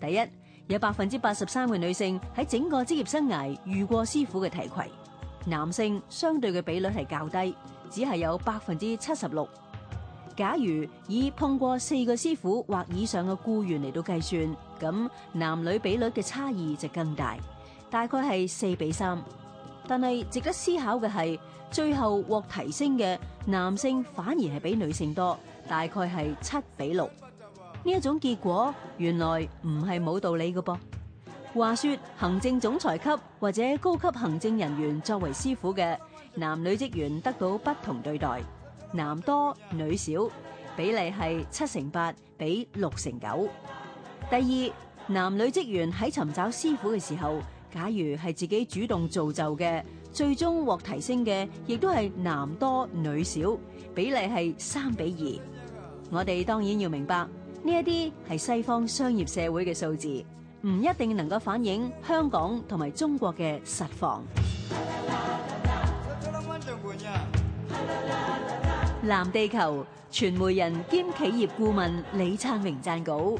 第一，有百分之八十三嘅女性喺整個職業生涯遇過師傅嘅提攜，男性相對嘅比率係較低，只係有百分之七十六。假如以碰過四個師傅或以上嘅僱員嚟到計算，咁男女比率嘅差異就更大，大概係四比三。但係值得思考嘅係，最後獲提升嘅男性反而係比女性多，大概係七比六。呢一種結果原來唔係冇道理嘅噃，話說行政總裁級或者高級行政人員作為師傅嘅男女職員得到不同對待，男多女少比例係七成八比六成九。第二，男女職員喺尋找師傅嘅時候，假如係自己主動造就嘅，最終獲提升嘅亦都係男多女少比例係三比二。我哋當然要明白。呢一啲係西方商業社會嘅數字，唔一定能夠反映香港同埋中國嘅實況。藍地球傳媒人兼企業顧問李燦榮撰稿。